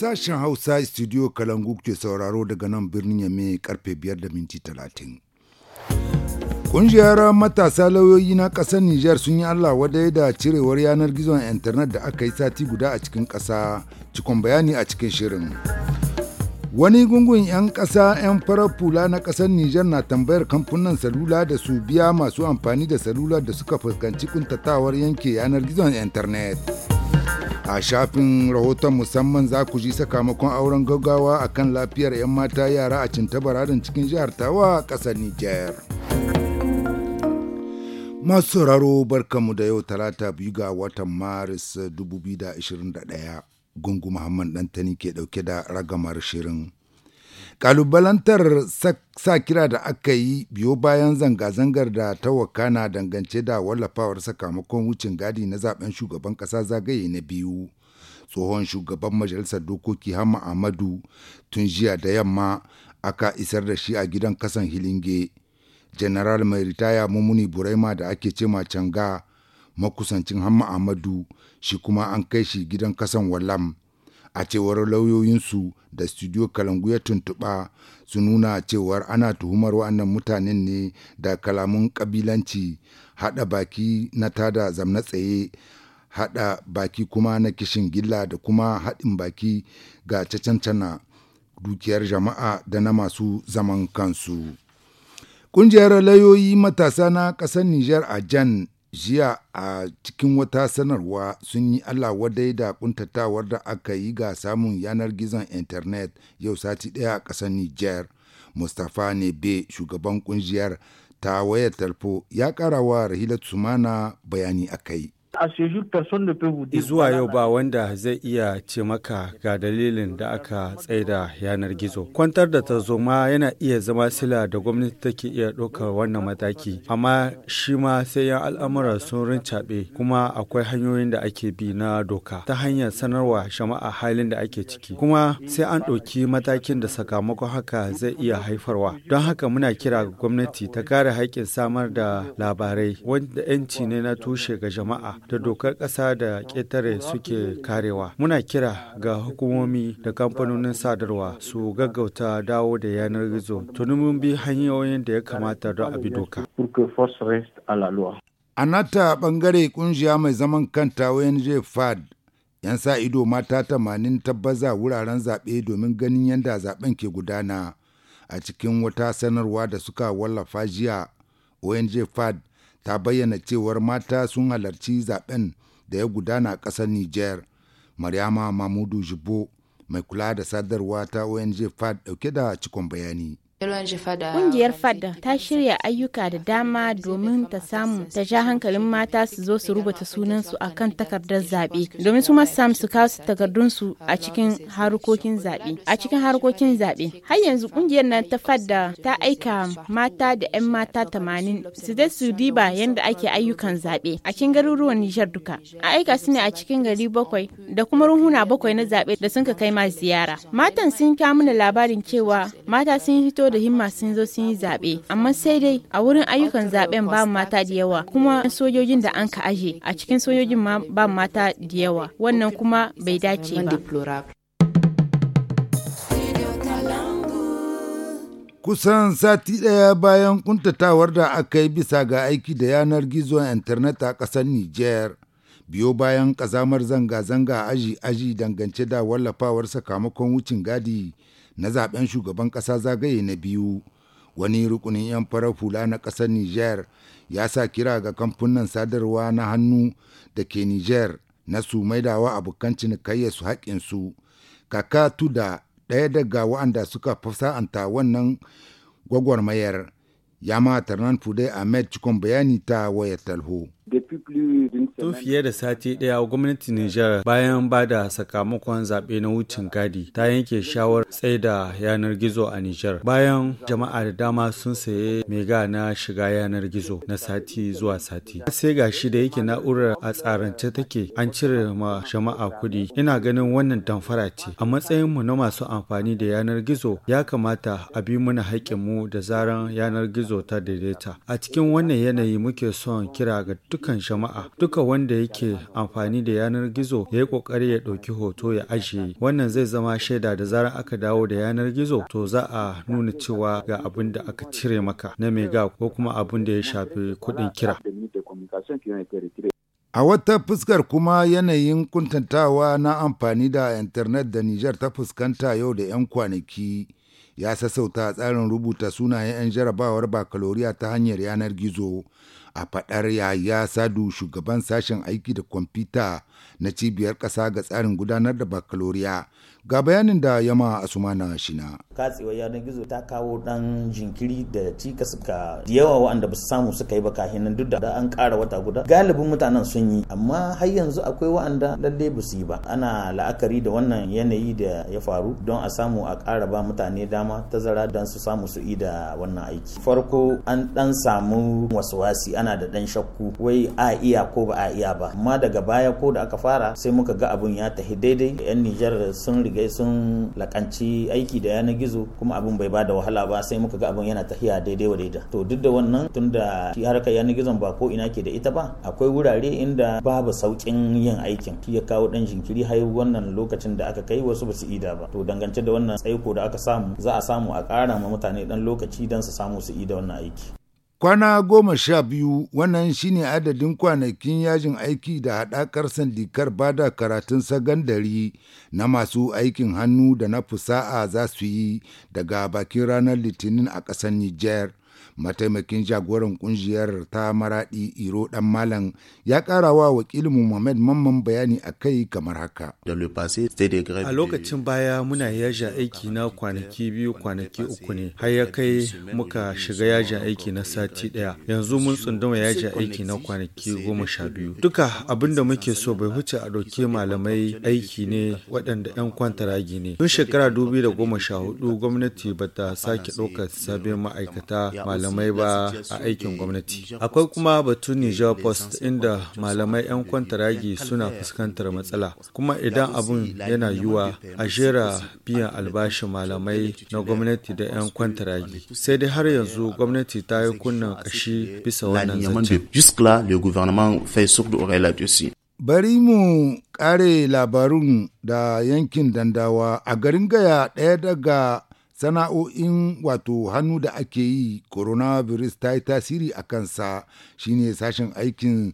Sashen Hausa Studio Kalangu ke sauraro daga nan birnin Yame karfe 5 da minti 30. Kungiyar matasa lauyoyi na ƙasar Nijar sun yi Allah wadai da cirewar yanar gizon intanet da aka yi sati guda a cikin ƙasa cikon bayani a cikin shirin. Wani gungun 'yan ƙasa 'yan farar fula na ƙasar Nijar na tambayar kamfunan salula da su biya masu amfani da salula da suka fuskanci kuntatawar yanke yanar gizon intanet. a shafin rahoton musamman za ku ji sakamakon auren gaggawa kan lafiyar 'yan mata yara a cintabaradin cikin jihar tawa ƙasar niger masu sauraro barkanmu da yau talata biyu ga watan maris 2021 gungu muhammad dantani ke ɗauke da ragamar shirin kalubalantar sa kira da aka yi biyo bayan zanga-zangar da ta wakana dangance da wallafawar sakamakon wucin gadi na zaben shugaban kasa zagaye na biyu tsohon shugaban majalisar dokoki hama amadu tun jiya da yamma aka isar da shi a gidan kasan hilinge general mai ritaya mumuni buraima da ake ce ma canga makusancin hama amadu shi kuma an kai shi gidan kasan wallam a cewar lauyoyinsu da studio kalangu ya tuntuɓa su nuna cewar ana tuhumar wa'annan mutanen ne da kalamun ƙabilanci haɗa baki na tada zamna tsaye haɗa baki kuma na kishin gilla da kuma haɗin baki ga cancana dukiyar jama'a da na masu zaman kansu. Ƙungiyar layoyi matasa na ƙasar Nijar a Jan jiya a cikin wata sanarwa sun yi Allah wadai da kuntatawar da aka yi ga samun yanar gizon intanet yau sati ɗaya a ƙasar Nijar. Mustapha Nebe shugaban kungiyar ta wayar tarfo ya ƙara wa Rahila Sumana bayani a kai. a shejur person da zuwa yau ba wanda zai iya ce maka ga dalilin da aka tsaida yanar gizo kwantar da tarzoma yana iya zama sila da gwamnati take iya ɗaukar wannan mataki amma shi ma sai yan al'amura sun rincaɓe kuma akwai hanyoyin da ake bi na doka ta hanyar sanarwa shama'a halin da ake ciki kuma sai an ɗauki matakin da sakamakon haka zai iya haifarwa don haka muna kira ga gwamnati ta kare haƙƙin samar da labarai wanda 'yanci ne na tushe ga jama'a da dokar ƙasa da ƙetare suke karewa. Muna kira ga hukumomi da kamfanonin sadarwa su gaggauta dawo da yanar gizo. Tuni mun bi hanyoyin da ya kamata don a bi doka. A nata ɓangare ƙungiya mai zaman kanta ONG FAD 'yan sa ido mata tamanin tabbaza wuraren zaɓe domin ganin yadda zaɓen ke gudana a cikin wata sanarwa da suka wallafa jiya ong fad ta bayyana cewar mata sun halarci zaben da ya gudana a ƙasar Nijar. Maryama Mamudu Jibo mai kula da sadarwa ta ONG FAD ɗauke da cikon bayani. Ƙungiyar fada ta shirya ayyuka da dama domin ta samu ta sha hankalin mata su zo su rubuta sunansu a kan takardar zaɓe domin su masu samu su kawo su takardunsu a cikin harkokin zaɓe. A cikin harkokin zaɓe. Har yanzu ƙungiyar nan ta fada ta aika mata da 'yan mata tamanin su dai su diba yadda ake ayyukan zaɓe a cikin garuruwan Nijar duka. A aika su ne a cikin gari bakwai da kuma ruhuna bakwai na zaɓe da sun ka kai ma ziyara. Matan sun kawo mana labarin cewa mata sun hito da himma sun zo sun yi zaɓe amma sai dai a wurin ayyukan zaɓen ba mata da yawa kuma sojojin da an ka aje a cikin sojojin ma ba mata da yawa wannan kuma bai dace ba. kusan sati ɗaya bayan kuntatawar da aka yi bisa ga aiki da yanar gizon intanet a ƙasar niger Biyo bayan ƙazamar zanga-zanga aji-aji dangance da wallafawar sakamakon wucin gadi na zaben shugaban ƙasa zagaye na biyu wani rukunin 'yan farar hula na ƙasar niger ya sa kira ga kamfunan sadarwa na hannu da ke niger na su maidawa abokan cinikayya su haƙinsu kaka tuda ɗaya daga waɗanda suka fasa'anta wannan gwagwarmayar ya ma tarnan fudai ahmed cikon bayani ta wayar talho. Tun fiye da sati ɗaya gwamnatin Nijar bayan ba da sakamakon zaɓe na wucin gadi ta yanke shawar tsaida yanar gizo a Nijar. Bayan jama'a da dama sun saye mega na shiga yanar gizo na sati zuwa sati. Sai gashi da yake na'urar a tsarance take an cire ma jama'a kuɗi. Ina ganin wannan damfara ce. A matsayinmu na masu amfani da yanar gizo ya kamata a bi mana mu da zaran yanar gizo ta daidaita. A cikin wannan yanayi muke son kira ga dukkan jama'a duka wanda yake amfani da yanar gizo ya yi kokari ya ɗauki hoto ya ajiye wannan zai zama shaida da zarar aka dawo da yanar gizo to za a nuna cewa ga abin da aka cire maka na mai ga ko kuma abin da ya shafi kuɗin kira A wata fuskar kuma yanayin kuntantawa na amfani da intanet da Nijar ta fuskanta yau da 'yan kwanaki ya sassauta tsarin rubuta sunayen 'yan jarabawar bakaloriya ta hanyar yanar gizo. a faɗar yaya sadu shugaban sashen aiki da kwamfuta na cibiyar ƙasa ga tsarin gudanar da bakaloriya ga bayanin da ya ma yama asumana shina katsewar yanar gizo ta kawo dan jinkiri da cikas da yawa wanda ba su samu suka yi ba kahin duk da an ƙara wata guda galibin mutanen sun yi amma har yanzu akwai wa'anda lalle ba su yi ba ana la'akari da wannan yanayi da ya faru don a samu a ƙara ba mutane dama tazara dan su samu su yi da wannan aiki farko an dan samu wasu wasi ana da dan shakku wai a iya ko ba a iya ba amma daga baya ko da aka fara sai muka ga abun ya tafi daidai yan Nijar sun riga sun lakanci aiki da yanar gizo kuma abun bai bada wahala ba sai muka ga abun yana tafiya daidai wa daidai to duk da wannan tunda shi harkar yanar gizon ba ko ina ke da ita ba akwai wurare inda babu saukin yin aikin ya kawo dan jinkiri har wannan lokacin da aka kai wasu basu ida ba to dangance da wannan tsaiko da aka samu za a samu a kara ma mutane dan lokaci dan su samu su ida wannan aiki Kwana goma sha biyu wannan shine adadin kwanakin yajin aiki da haɗakar sandikar bada karatun sagandari na masu aikin hannu da na fusa'a za su yi daga bakin ranar Litinin a ƙasar Nijar. mataimakin jagoran kungiyar ta maradi iro dan malam ya kara wa wakilin muhammad mamman bayani a kai kamar haka a lokacin baya muna yaja aiki na kwanaki biyu kwanaki uku ne har ya kai muka shiga yajin aiki na sati daya yanzu mun tsundama yajin aiki na kwanaki goma sha biyu duka abin muke so bai wuce a dauke malamai aiki ne waɗanda 'yan kwantaragi ne tun shekara hudu gwamnati bata sake ɗaukar sabbin ma'aikata malamai malamai ba a aikin gwamnati. Akwai kuma batun Niger Post inda malamai 'yan kwantaragi suna fuskantar matsala. Kuma idan abun yana yiwa a jera biyan albashin malamai na gwamnati da 'yan kwantaragi. Sai dai har yanzu gwamnati ta yi kunnan kashi bisa wannan zancen. Bari mu kare labarun da yankin dandawa a garin gaya ɗaya daga sana'o'in wato hannu da ake yi coronavirus ta yi tasiri a kansa shine sashen aikin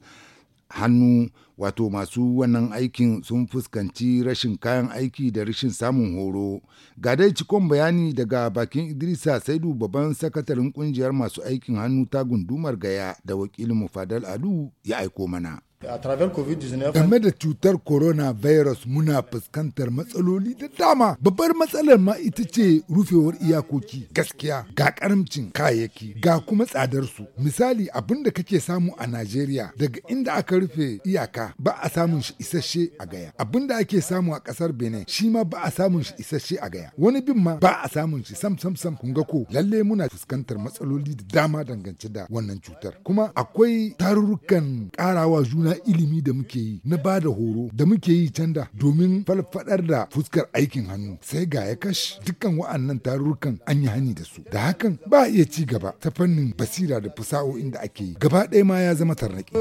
hannu wato masu wannan aikin sun fuskanci rashin kayan aiki da rashin samun horo ga dai cikon bayani daga bakin idrisa saidu babban sakatarin kungiyar masu aikin hannu ta gundumar gaya da wakilin mufadal alu ya aiko mana Game da cutar coronavirus muna fuskantar matsaloli da dama. Babbar matsalar ma ita ce rufewar iyakoki gaskiya ga karamcin kayayyaki ga kuma tsadarsu. Misali abinda kake samu a Najeriya daga inda aka rufe iyaka ba a samun shi isasshe a gaya. Abin ake samu a kasar Benin shi ma ba a samun shi isasshe a gaya. Wani bin ma ba a samun shi sam sam sam kun ko lalle muna fuskantar matsaloli da dama dangance da wannan cutar. Kuma akwai tarurrukan karawa juna na ilimi da muke yi na ba da horo da muke yi canda domin falfadar da fuskar aikin hannu sai ga ya kashi dukkan wa'annan tarurrukan an yi hani da su da hakan ba iya ci gaba ta fannin basira da fasa'o'in da ake yi gaba ɗaya ma ya zama tarnaki.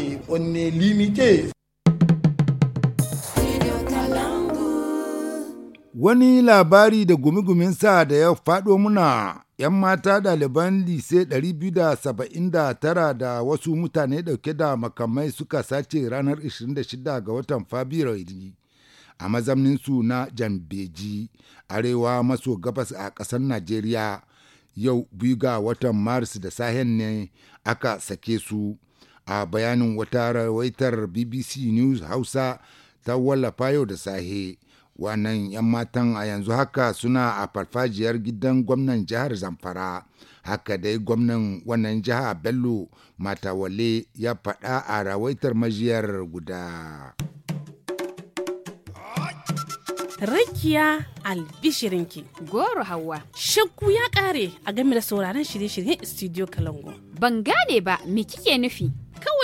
Wani labari da gumi-gumin sa da ya faɗo muna 'yan mata ɗaliban lise 279 da wasu mutane ɗauke da makamai suka sace ranar 26 ga watan fabrairu a mazamninsu na jambeji arewa maso gabas a ƙasar najeriya yau biyu watan maris da sahen ne aka sake su a bayanin wata rawaitar bbc news hausa ta wallafa yau da sahe wannan 'yan matan a yanzu haka suna a farfajiyar gidan gwamnan jihar zamfara haka dai gwamnan wannan jiha bello matawale ya faɗa a rawaitar majiyar guda rakiya albishirinki goro hawa shakku ya ƙare a game da sauraron shirye-shiryen studio kalango ban gane ba me kike nufi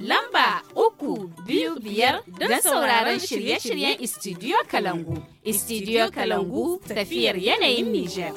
lamba uku biyu biyar don sauraron shirye-shiryen Istidiyo Kalangu. Istidiyo Kalangu tafiyar yanayin Nijar.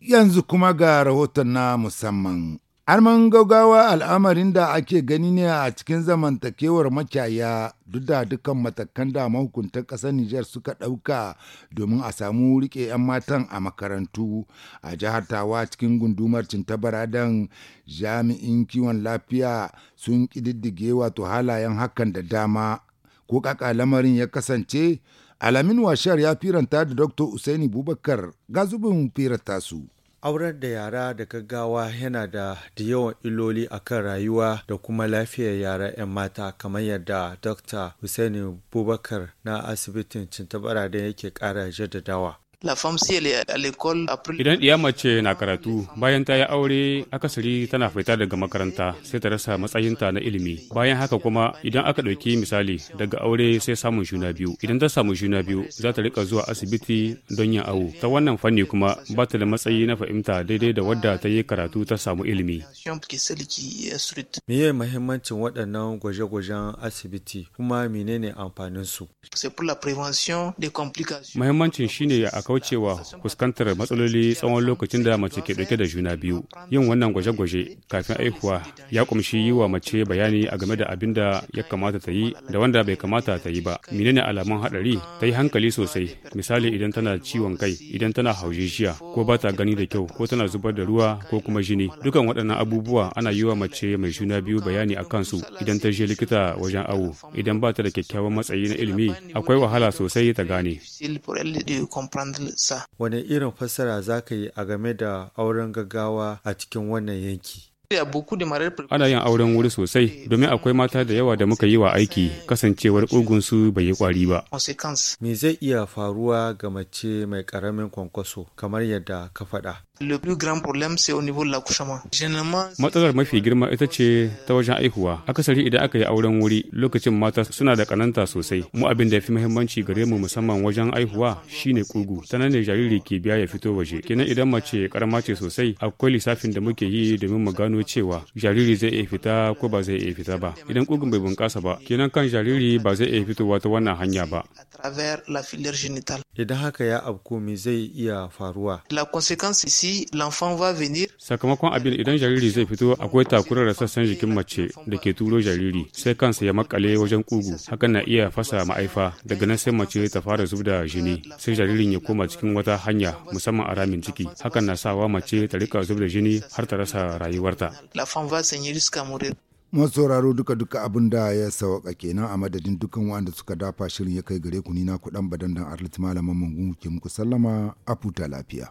Yanzu kuma ga rahoton na musamman. Arman gaugawa al'amarin da ake gani ne a cikin zamantakewar makiyaya duk da dukkan matakan da mahukuntan ƙasar Nijar suka ɗauka domin a samu riƙe 'yan matan a makarantu a jihar Tawa cikin gundumar cintabara dan jami'in kiwon lafiya sun ƙididdige wato halayen hakan da dama ko ƙaƙa lamarin ya kasance Alamin Washar ya firanta da Dr. Usaini Bubakar ga zubin firanta su. aurar da yara da gaggawa yana da da yawan iloli kan rayuwa da kuma lafiyar yara 'yan mata kamar yadda dr Hussaini bubakar na asibitin cinta da yake kara jaddadawa Idan ɗiya mace na karatu bayan ta yi aure akasari tana fita daga makaranta sai ta rasa matsayinta na ilimi. Bayan haka kuma idan aka ɗauki misali daga aure sai samun juna biyu. Idan ta samu juna biyu za ta rika zuwa asibiti don yin awo. Ta wannan fanni kuma ba ta da matsayi na fahimta daidai da wadda ta yi karatu ta samu ilimi. Meye mahimmancin waɗannan gwaje-gwajen asibiti kuma menene amfanin su. Mahimmancin shine a kaucewa fuskantar matsaloli tsawon lokacin da mace ke dauke da juna biyu yin wannan gwaje-gwaje kafin aihuwa ya kumshi yi wa mace bayani a game da abin da ya kamata ta yi da wanda bai kamata ta yi ba ne alamun hadari ta yi hankali sosai misali idan tana ciwon kai idan tana haujishiya ko ba ta gani da kyau ko tana zubar da ruwa ko kuma jini dukan waɗannan abubuwa ana yi wa mace mai juna biyu bayani a kansu idan ta je likita wajen awo idan ba ta da kyakkyawan matsayi na ilimi akwai wahala sosai ta gane muhallinsa. Wane irin fassara za ka yi a game da auren gaggawa a cikin wannan yanki? Ana yin auren wuri sosai domin akwai mata da yawa da muka yi wa aiki kasancewar ƙugunsu bai yi ƙwari ba. Me zai iya faruwa ga mace mai ƙaramin kwankwaso kamar yadda ka faɗa? Matsalar mafi girma ita ce ta wajen aihuwa. Akasari idan aka yi auren wuri lokacin mata suna da kananta sosai. Mu abin da ya fi muhimmanci gare mu musamman wajen aihuwa shine kugu. Ta ne jariri ke biya ya fito waje. Kenan idan mace karama ce sosai akwai lissafin da muke yi domin mu gano cewa jariri zai iya fita ko ba zai iya fita ba. Idan kugun bai bunƙasa ba kenan kan jariri ba zai iya fitowa ta wannan hanya ba. Idan haka ya abu zai iya faruwa? La conséquence ici si l'enfant va venir sakamakon abin idan jariri zai fito akwai takurar sassan jikin mace da ke turo jariri sai kansa ya makale wajen kugu hakan na iya fasa ma'aifa daga nan sai mace ta fara zubda da jini sai jaririn ya koma cikin wata hanya musamman a ramin ciki hakan na sawa mace ta rika zubda jini har ta rasa rayuwarta mun sauraro duka-duka abin da ya sauka kenan a madadin dukan waɗanda suka dafa shirin ya kai gare ku nina kuɗan badan dan arlit malaman mangungu ke muku sallama a futa lafiya.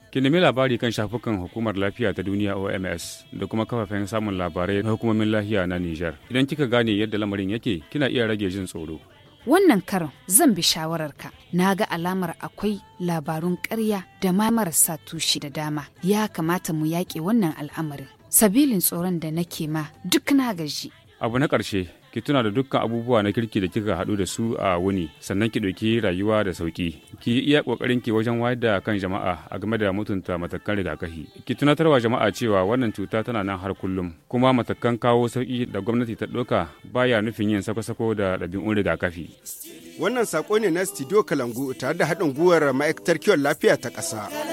Ki nemi labari kan shafukan hukumar lafiya ta duniya OMS da kuma kafafen samun labarai na hukumomin lafiya na Nijar. Idan kika gane yadda lamarin yake, kina iya rage jin tsoro. Wannan karon zan bi shawararka. Na ga alamar akwai labarun ƙarya da ma marasa tushe da dama. Ya kamata mu yaƙi wannan al'amarin. Sabilin tsoron da nake ma duk na gaji. Abu na ƙarshe, ki tuna da dukkan abubuwa na kirki da kika haɗu da su a wuni, sannan ki ɗauki rayuwa da sauƙi. ki iya kokarin ki wajen wayar da kan jama'a a game da mutunta matakan rigakafi ki tunatarwa jama'a cewa wannan cuta tana nan har kullum kuma matakan kawo sauki da gwamnati ta ɗauka baya nufin yin sako-sako da ɗabi'un rigakafi wannan sako ne na studio kalangu tare da haɗin gwiwar ma'aikatar kiwon lafiya ta ƙasa.